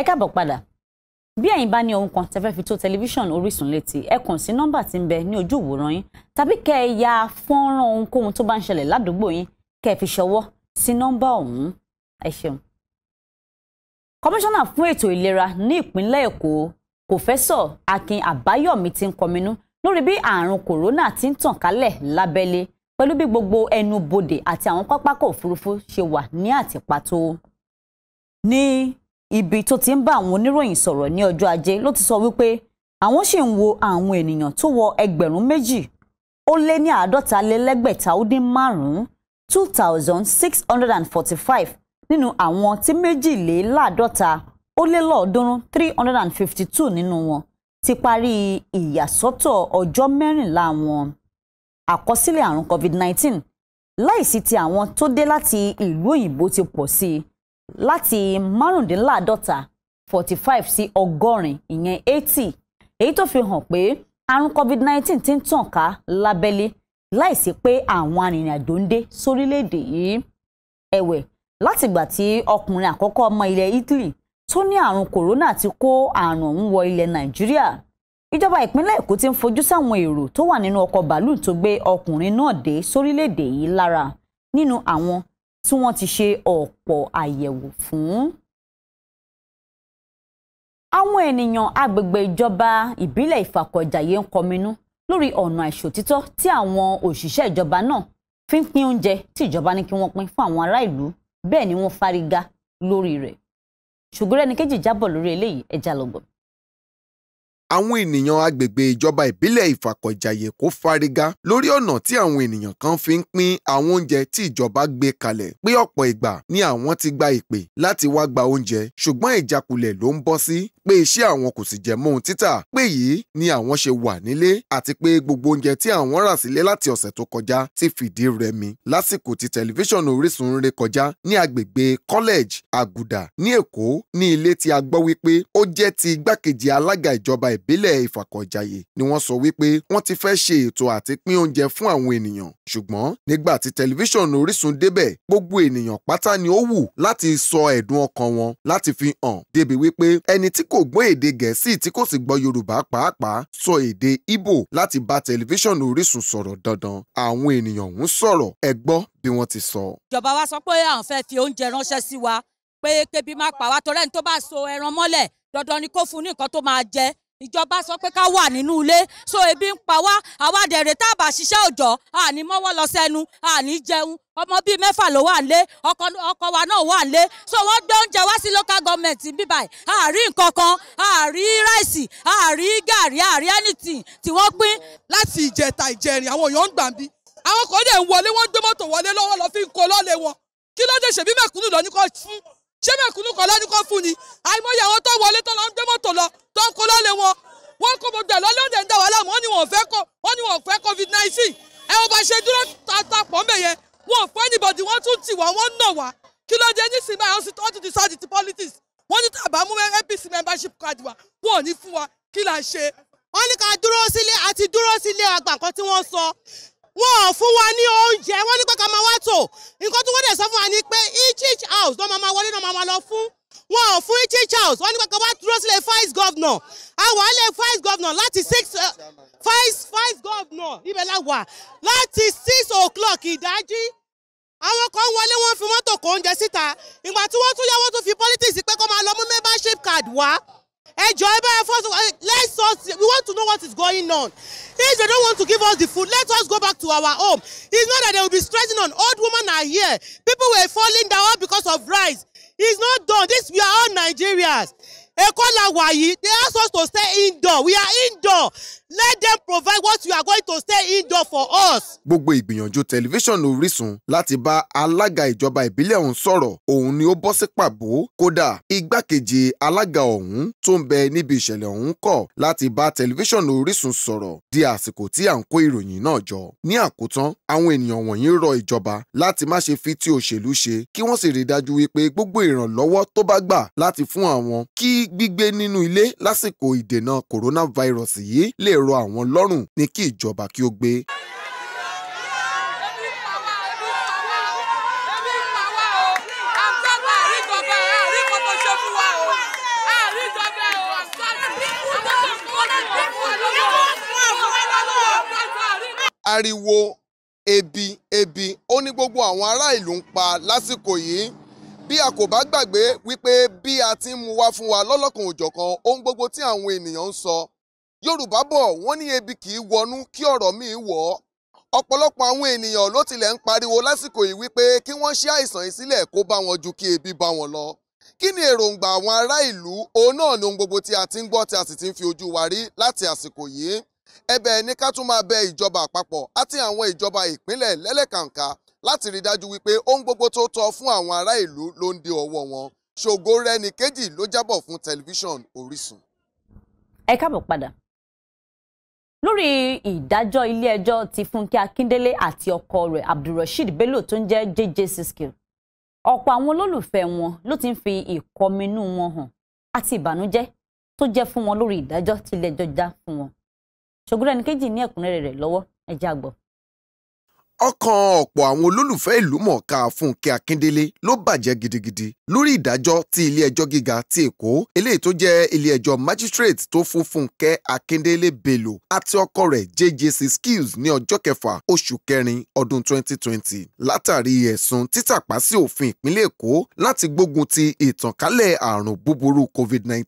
ẹ káàbọ̀ padà bí ẹ̀yin bá ní ohun kan tẹ́ fẹ́ fi tó tẹlifíṣàn Orísun létí ẹ kàn sí nọ́mbà tí ń bẹ ní ojú ìwòran yín tàbí kẹ́ ẹ ya fọ́nrán ohunkóhun tó bá ń ṣẹlẹ̀ ládùúgbò yín kẹ́ ẹ fi ṣọwọ́ sí nọ́mbà ọ̀hún ẹ ṣeun. kọmíṣánná fún ètò ìlera ní ìpínlẹ̀ Èkó pòfẹ́sọ̀ Akin Àbáyọ̀mí ti ń kọminú lórí bí àrùn kòrónà ti ń tàn kálẹ̀ lábẹ́lé pẹ̀lú bí gbogbo ẹnu bodè àti àwọn pápákọ̀ òfurufú ṣe wà ní àtìpàtó ní ibi tó ti ń bá àwọn oníròyìn sọ̀rọ̀ ní ọjọ́ ajé ló ti sọ wípé àwọn sì ń wo àwọn ènìyàn tó wọ ẹgbẹ̀rún méjì ó lé ní àádọ́ta lé lẹ́gbẹ̀ta ó dín márùn-ún two thousand six hundred and forty-five nínú àwọn tí méjìléláàádọ́ta ó lé lọ́ọ̀ọ́dúnrún three hundred and fifty-two nínú wọn ti parí ìyàsọ́tọ̀ ọjọ́ mẹ́rìnlá wọn àkọsílẹ̀ àrùn covid nineteen láìsí ti àwọn tó dé láti ìlú òyìnbó ti pọ̀ sí i láti márùndínláàádọ́ta forty five sí ọgọ́rin ìyẹn eighty èyí tó fi hàn pé àrùn covid nineteen ti ń tàn ká lábẹ́lé láìsí pé àwọn arìnrìnàjò ń dé sórílẹ̀-èdè yìí ẹ̀wẹ̀ látìgbà tí ọkùnrin àkọ́kọ́ ọmọ ilẹ̀ Italy tó ní àrùn corona ti kó àrùn ọ̀hún wọ ilẹ̀ Nàìjíríà ìjọba ìpínlẹ̀ Èkó ti ń fojú sáwọn èrò tó wà nínú ọkọ̀ bàálù tó gbé ọkùnrin náà dé sórílẹ̀ yìí lára nínú àwọn tí wọ́n ti ṣe ọ̀pọ̀ àyẹ̀wò fún. àwọn ènìyàn agbègbè ìjọba ìbílẹ̀ Ìfàkọ̀jàyè ń kọminú lórí ọ̀nà àìṣòtítọ́ tí àwọn òṣìṣẹ́ ìjọba náà fi ń pín oúnjẹ tí ìjọba ní kí wọ́n pín fún àwọn ará ìlú bẹ́ẹ̀ ni wọ́n fárígá lórí rẹ̀ ṣùgbọ́n ẹnìkejì jábọ̀ lórí eléyìí ẹja lọ́gbọ̀n àwọn ènìyàn agbègbè ìjọba ìbílẹ̀ ìfàkọ̀jàyè kò fárígá lórí ọ̀nà tí àwọn ènìyàn kan fi ń pín àwọn oúnjẹ tí ìjọba gbé kalẹ̀ pé ọ̀pọ̀ ìgbà ni àwọn ti gba ìpè láti wá gba oúnjẹ ṣùgbọ́n ìjákulẹ̀ ló ń bọ́ sí pé iṣẹ́ àwọn kò sì jẹ́ mọ́ ohun títà pé yìí ni àwọn ṣe wà nílé àti pé gbogbo oúnjẹ tí àwọn rà sílé láti ọ̀sẹ̀ tó kọjá ti fìdí rẹmi lásìkò tí tẹlifíṣàn Orísun ń ré kọjá ní agbègbè college aguda ní Èkó ní ilé tí a gbọ́ wípé ó jẹ́ ti igbákejì alága ìjọba ì ìbílẹ̀ ìfàkọ̀jayé ni wọ́n sọ wípé wọ́n ti fẹ́ ṣe ètò àti pín oúnjẹ fún àwọn ènìyàn ṣùgbọ́n nígbà tí tẹlifíṣàn Orísun débẹ̀ gbogbo ènìyàn pátá ni ó wù láti sọ ẹ̀dùn ọkàn wọn láti fi hàn débi wípé ẹni tí kò gbọ́ èdè Gẹ̀ẹ́sì tí kò sì gbọ́ Yorùbá pàápàá sọ èdè Ìgbò láti bá tẹlifíṣàn Orísun sọ̀rọ̀ dandan àwọn ènìyàn ń sọ̀rọ̀ ẹ gbọ́ bí wọ́n ti sọ. ìjọba wa sọ pé dandan ni kó fún ní nǹkan tó máa jẹ ìjọba sọ pé ká wà nínú ilé so ebi ń pa wá àwa dẹ̀rẹ̀ tá a bá ṣiṣẹ́ òòjọ́ àní mọ́wọ́ lọ sẹ́nu àní jẹun ọmọ bíi mẹ́fà ló wà nílé ọkọ wa náà wà nílé so wọ́n gbé oúnjẹ wá sí local government bíbá ẹ̀ àárí nǹkan àárí ráìsì àárí gàrí àárí anything tí wọ́n pín. láti ìjẹta ìjẹrin àwọn èèyàn ń gbà bí àwọn kan dẹ̀ wọlé wọ́n gbé mọ́tò wọlé lọ́wọ́ lọ́ fi ń kó lọ́lé wọn kí ló dé ṣèbí mẹ́kúnnù lọ́ ní kó fún ṣé mẹ̀kúnnù kan lọ́dún kan fún ni àìmọye àwọn tó wọlé tó lọ ń gbé mọ́tò lọ tó ń kó lọ́lẹ̀ wọn wọ́n kó gbogbo ẹ̀ lọ́lẹ́ òde ń dá wàhálà wọ́n ní wọ́n wọ́n fẹ́ covid nineteen ẹ wọ́n bá ṣe dúró tapọ̀ mbẹ̀ yẹn wọ́n fẹ́ anybody wọ́n tún tì wá wọ́n nà wá kí ló dé nísìnyí báyìí wọ́n ti decide ti politics wọ́n ní tàbá mú APC membership card wa wọ́n ní fún wa kí la ṣe. wọ́n ní ká dúró sílé àti dúró sílé àgbà kan tí wọ́n sọ wọn ò fún wa ní oúnjẹ wọn ní pé ká máa wá tò nǹkan tí wọ́n dẹ̀ sọ fún wa ni pé each each house ló máa máa wọlé náà máa máa lọ fún wọn ò fún each each house wọ́n ní pé ká wá dúró sílẹ̀ vice governor a wà á lè vice governor láti six eh, vice vice governor ibẹ̀ la wà láti six o'clock ìdájí àwọn kan wọlé wọ́n fi mọ́tò kó oúnjẹ síta ìgbà tí wọ́n tún yá wọ́n tún fi politics pé kó máa lọ mú membership card wá. Enjoy by bá ẹ fọ let's us we want to know what is going on if they don't want to give us the food let us go back to our home it's not that they will be stressing on old women are here people were falling down because of rice it's not done this we are all Nigerians Èkó la wà they ask us to stay indoor we are indoor let them provide what you are going to stay indoor for us. gbogbo ìgbìyànjú tẹlifíṣàn Orísun láti bá alága ìjọba ìbílẹ̀ ọ̀hún sọ̀rọ̀ òun ni ó bọ́ sí pàbó kódà igbákejì alága ọ̀hún tó ń bẹ níbi ìṣẹ̀lẹ̀ ọ̀hún kọ̀ láti bá tẹlifíṣàn Orísun sọ̀rọ̀ di àsìkò tí à ń kó ìròyìn náà jọ ní àkótán àwọn ènìyàn wọ̀nyí rọ ìjọba láti má ṣe fi ti òṣèlú ṣe kí wọ́n sì rí dájú wípé gbogbo ìrànlọ́wọ́ tó bá gbà láti fún àwọn kí gbígbé nínú ilé lásìkò ìdènà coronavirus yìí lè rọ̀ àwọn lọ́rùn ní kí ìjọba kí ó gbé. ariwo ebi ebi ó ní gbogbo àwọn ará ìlú ń pa lásìkò yìí bí a kò bá gbàgbé wípé bí a ti ń mú wá fún wa lọ́lọ́kan òjọ̀kan ohun gbogbo tí àwọn ènìyàn ń sọ yorùbá bọ̀ wọ́n ní ebi kì í wọnú kí ọ̀rọ̀ míì wọ̀ ọ́ ọ̀pọ̀lọpọ̀ àwọn ènìyàn ló tilẹ̀ ń pariwo lásìkò yìí wípé kí wọ́n ṣe àìsàn yìí sílẹ̀ kó bá wọn ju kí ebi bá wọn lọ kí ni èròǹgbà àwọn ará ìlú òun náà ni ohun gbogbo tí a ti ń gbọ́ tí a sì ti ń fi ojú wa rí láti àsìkò yìí ẹ̀bẹ̀ ni ká tún máa bẹ ìjọba àpapọ̀ àti àwọn ìjọba ìpínlẹ̀ lẹ́lẹ́kàǹkà láti rí dájú wípé ohun gbogbo tó tọ́ fún àwọn ará ìlú ló ń dé ọwọ́ wọn ṣògo rẹni kejì ló jábọ̀ fún tẹlifíṣàn Orísun. ẹ káàbọ̀ padà lórí ìdájọ́ ilé-ẹjọ́ ti Fúnkẹ́ Akíndélé àti ọkọ rẹ̀ Abdulrasheed Bello tó ń jẹ́ JJ Siskil ọ̀pọ̀ àwọn olólùfẹ́ wọn ló ti ń fi ìkọminú wọn hàn àti ìbànújẹ́ tó jẹ́ fún wọn lórí ìdájọ́ tí ilé-ẹjọ́ dá fún wọn ṣògùn ẹnìkejì ní ẹ̀kúnrẹ́rẹ́ rẹ̀ lọ́wọ́ ẹ àgbọ̀ ọkàn ọ̀pọ̀ àwọn olólùfẹ́ ìlú mọ̀ọ́ká Fúnkẹ́ Akíndélé ló bàjẹ́ gidigidi lórí ìdájọ́ tí ilé-ẹjọ́ gíga ti Èkó eléyìí tó jẹ́ ilé-ẹjọ́ magistrate tó fún Fúnkẹ́ Akíndélé Bello àti ọkọ rẹ̀ JJC Skills ní ọjọ́ kẹfà oṣù kẹrin ọdún 2020 látàrí ẹ̀sùn títàpá sí òfin ìpínlẹ̀ Èkó láti gbógun ti ìtànkálẹ̀ àrùn búburú COVID-19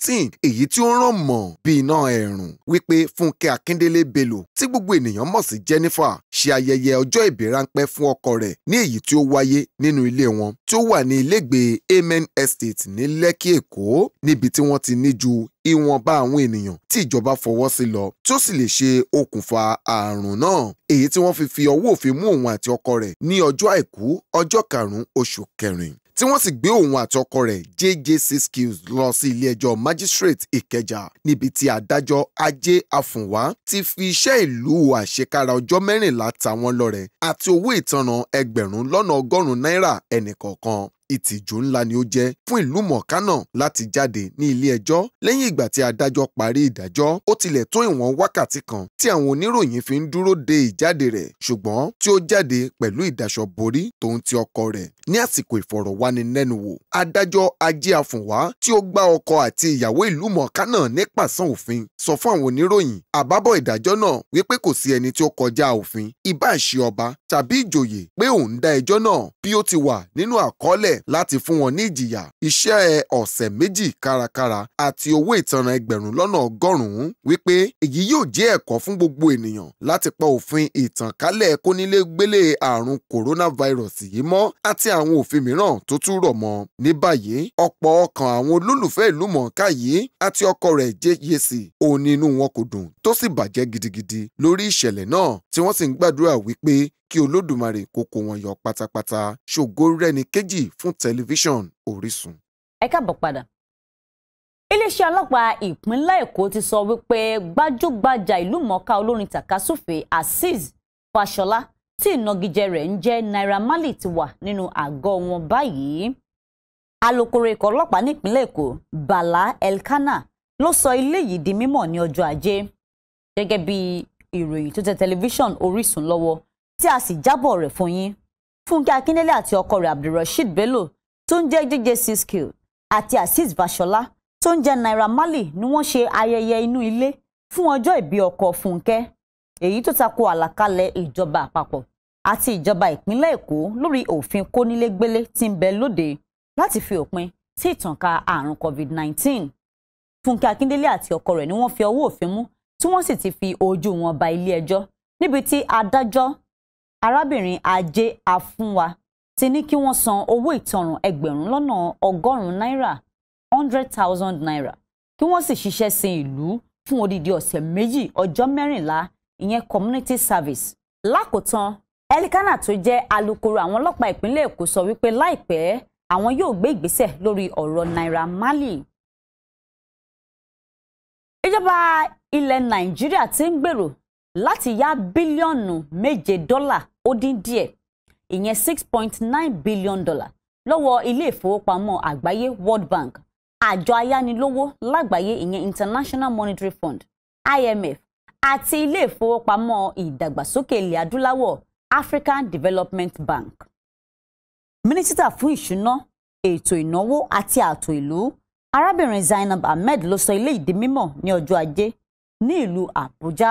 èyí tí ó ràn mọ́ bí iná ẹ̀rùn wípé Fúnkẹ́ Akíndélé Bello tí gbogbo ènìyàn mọ̀ sí Jennifer ṣe ayẹyẹ ọjọ́ ìbí ìbéèrè ráńpẹ́ fún ọkọ rẹ̀ ní èyí tí ó wáyé nínú ilé wọn tí ó wà ní ilégbèé Amen Estate ní Lẹ́kì Èkó níbi tí wọ́n ti ní ju ìwọ̀nba àwọn ènìyàn tí ìjọba fọwọ́ sí lọ tí ó sì lè ṣe okùnfà ààrùn náà èyí tí wọ́n fi fi ọwọ́ òfin mú òun àti ọkọ rẹ̀ ní ọjọ́ àìkú ọjọ́ karùn-ún oṣù kẹrin tí wọ́n sì gbé òun àti ọkọ rẹ̀ jj Siskiyou lọ sí ilé-ẹjọ́ magistrate ìkẹjà níbi tí adájọ́ ajé àfùnwá ti fi iṣẹ́ ìlú àṣekára ọjọ́ mẹ́rìnlá ta wọ́n lọ́rẹ àti owó ìtanràn ẹgbẹ̀rún lọ́nà ọgọ́rùn-ún náírà ẹnìkọ̀ọ̀kan ìtìjú ńlá ni ó jẹ́ fún ìlú mọ̀ọ́ká náà láti jáde ní ilé ẹjọ́ lẹ́yìn ìgbà tí adájọ́ parí ìdájọ́ ó tilẹ̀ tó ìwọ̀n wákàtí kan tí àwọn oníròyìn fi ń dúró de ìjáde rẹ̀ ṣùgbọ́n tí ó jáde pẹ̀lú ìdaṣọ borí tòun ti ọkọ rẹ̀ ní àsìkò ìfọ̀rọ̀wánilẹ́nuwò adájọ́ ajé àfùnwá tí ó gbá ọkọ àti ìyàwó ìlú mọ̀ọ́ká náà ní pàṣán òfin sọ fún àwọn oníròyìn àbábọ̀ ìdájọ́ náà wípé kò sí ẹni tí ó kọjá òfin ìbáà ṣe ọba tàbí ìjòyè pé òun dá ẹjọ́ náà bí ó ti wà nínú àkọọ́lẹ̀ láti fún wọn ní ìjìyà iṣẹ́ ọ̀sẹ̀ méjì kárakára àti owó ìtanràn ẹgbẹ̀rún lọ́nà ọgọ́rùn-ún wípé èyí yóò jẹ́ ẹ̀kọ́ fún gbogbo ènìyàn láti pa òfin ìtànkálẹ̀ kónílégbélé àrùn coronavirus yìí mọ́ àti àwọn òfin mìíràn tó tún rọ̀ mọ́ ní báyìí ọ̀pọ̀ ọkàn àwọn olólùfẹ́ ìlú mọ̀ọ́ká yìí àti ọkọ rẹ̀ jẹ́yẹsì e òun ni inú wọn kò dùn tó sì bàjẹ́ gidigidi lórí ìṣẹ̀lẹ̀ náà tí wọ́n sì ń gbàdúrà wípé kí olódùmarè kó kó wọn yọ pátápátá ṣògo rẹni kejì fún tẹlifíṣàn Orísun. ẹ káàbọ̀ padà iléeṣẹ́ ọlọ́pàá ìpínlẹ̀ Èkó ti sọ wípé gbajúgbajà ìlú mọ̀ọ́ká olórin tàkásùfè Azeez Fàṣọlá tí ìnagijẹ rẹ̀ ń jẹ́ Naira Marley ti wà nínú àgọ́ wọn báyìí alukoro ikọ̀ ọlọ́pàá nípínlẹ̀ Èkó Bala Elkana ló sọ ilé yìí di mímọ̀ ní ọjọ́ ajé gẹ́gẹ́ bí ìròyìn tó tẹ tẹlifíṣàn Orísun lọ́wọ́ tí a sì jábọ̀ rẹ̀ fún yín fúnkẹ́ akíndélé àti ọkọ rẹ̀ abdulrasheed bello tó ń jẹ́ jẹ́jẹ́ c-skill àti azeez basola tó ń jẹ́ naira marley ni wọ́n ṣe ayẹyẹ inú ilé fún ọjọ́ ìbí ọkọ fúnkẹ́ èyí tó tako àlàkalẹ̀ ìjọba àpapọ̀ àti ìjọba ìpínlẹ̀ èkó lórí òfin kónílégbélé tí ń bẹ lóde láti fi òpin sí ìtànká àrùn covid-19 fúnkẹ́ akíndélé àti ọkọ rẹ̀ ni wọ́n fi ọwọ́ òfin mú tí wọ́n sì ti fi ojú wọn ba ilé ẹjọ́ níbi tí adájọ́ arábìnrin ajé afúnwa ti ní kí wọ́n san owó ìtanràn ẹgbẹ̀rún lọ́nà ọgọ́rùn náírà hundred thousand naira kí wọ́n sì ṣiṣẹ́ sin ìlú fún odidi ọ̀sẹ̀ méjì ọjọ́ mẹ́rìnlá ìyẹn community service. lákòótán elikana tó jẹ́ alukoro àwọn ọlọ́pàá ìpínlẹ̀ èkó sọ wípé láìpẹ́ àwọn yóò gbé ìgbésẹ̀ lórí ọ̀rọ̀ naira mali ìjọba ilẹ̀ nàìjíríà ti ń gbèrò láti yá bílíọ̀nù méje dọ́là ó dín díẹ̀ ìyẹn six point nine billion dollar lọ́wọ́ ilé ìfowópamọ́ àgbáyé World Bank àjọ ayánilówó lágbàáyé ìyẹn International Monetary Fund IMF àti ilé ìfowópamọ́ ìdàgbàsókè ilẹ̀ adúláwọ̀ African Development Bank. Mínísítà fún ìṣúná ètò ìnáwó àti ààtò ìlú arábìnrin Zainab Ahmed ló sọ ilé ìdí mímọ̀ ní ọjọ́ Ajé ní ìlú Àbújá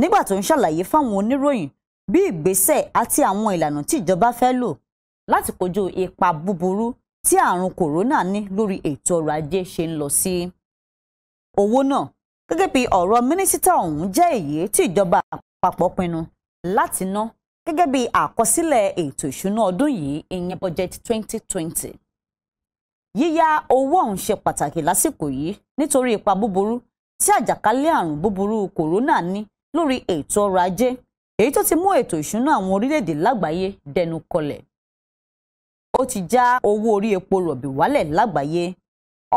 nígbà tó ń ṣàlàyé fáwọn oníròyìn bí ìgbésẹ̀ àti àwọn ìlànà tí ìjọba fẹ́ lò láti kojú ipa búburú tí àrùn kòrónà ní lórí ètò ọrọ̀ ajé ṣe ń lọ sí. owó náà gẹ́gẹ́ bí ọ̀rọ̀ mínísítà ọ̀hún jẹ́ èyí tí ìjọba àpapọ̀ pinnu láti ná gẹ́gẹ́ bí àkọsílẹ̀ ètò ìṣúná ọdún yìí ìyẹn budget 2020. yíyá owó ọ̀hún ṣe pàtàkì lásìkò yìí nítorí ipa búburú tí àjàkálẹ̀ àrùn búburú kòrónà ní lórí ètò ọrọ̀ ajé èyí tó ti mú ètò ìṣúná àwọn orílẹ̀-èdè lágbàáyé dẹnu kọlẹ̀ ó ti já owó orí epo rọ̀bì wálẹ̀ lágbàáyé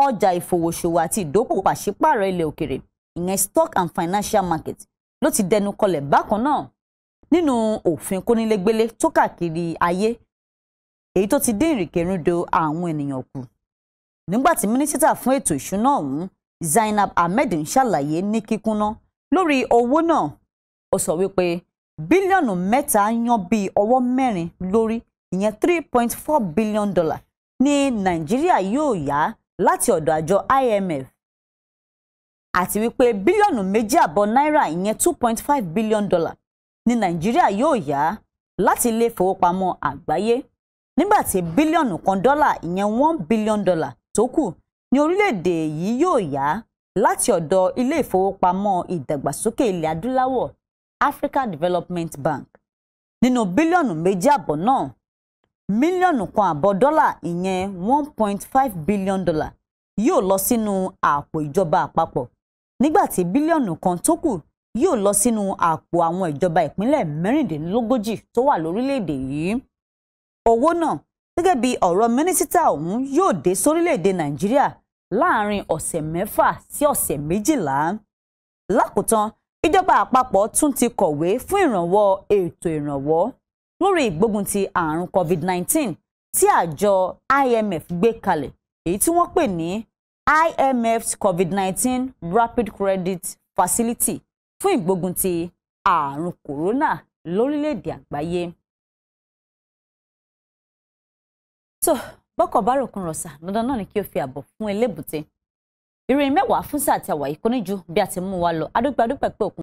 ọjà ìfowóṣòwò àti ìdókòwò pàṣípààrọ̀ ilẹ̀ òkèrè ìyẹn stock and financial market ló ti dẹnu kọlẹ̀ bákan náà nínú òfin kónílégbélé tó káàkiri ayé èyí tó ti dín ìrìnkèrúndò àwọn ènìyàn kù nígbà tí mínísítà fún ètò ìṣúná ọ̀hún Zainab Ahmed ń ṣàlàyé ní kíkúnná lórí owó náà ó sọ wípé bílíọ̀nù mẹ́ta yan bíi ọwọ́ mẹ́rin lórí ìyẹn three point four billion dollar ní nàìjíríà yóò yá láti ọ̀dọ̀ àjọ IMF àti wípé bílíọ̀nù méjì àbọ̀ náírà ìyẹn two point five billion dollar ní nàìjíríà yóò yá láti ilé ìfowópamọ́ àgbáyé nígbà tí bílíọ̀nù kan dọ́là ìyẹn one billion dollar tó kù ní orílẹ̀-èdè yìí yóò yá láti ọ̀dọ̀ ilé ìfowópamọ́ ìdàgbàsókè ilẹ̀ adúláwọ̀ Africa Development Bank nínú bílíọ̀nù méjì àbọ̀ náà mílíọ̀nù kan àbọ̀ dọ́là ìyẹn one point five billion dollar yóò lọ sínú àpò ìjọba àpapọ̀ nígbà tí bílíọ̀nù kan tó kù yóò lọ sínú àpò àwọn ìjọba ìpínlẹ̀ mẹ́rìndínlógójì tó wà lórílẹ̀‐èdè yìí owó náà gẹ́gẹ́ bí ọ̀rọ̀ mínísítà ọ̀hún yóò dé sórílẹ̀‐èdè Nàìjíríà láàrin ọ̀sẹ̀ mẹ́fà sí ọ̀sẹ̀ méjìlá lákòótán ìjọba àpapọ̀ tún ti kọ̀wé fún ìrànwọ́ ètò ìrànwọ́ lórí ìgbógun ti àrùn covid-19 tí àjọ IMF gbé kalẹ̀ èyí tí wọ́n pè ní IMF's covid-19 rapid credit facility fún ìgbógun ti àrùn corona lórílẹ̀‐èdè àgbáyé. so bọ́kọ̀ bá ròkun rọ̀ṣà dandan náà ni kí o fi ààbò fún elébùté ìròyìn mẹ́wàá fún sáà tí a wà yìí kò ní ju bí a ti mú wa lọ adúgbò adúgbò pé òkun.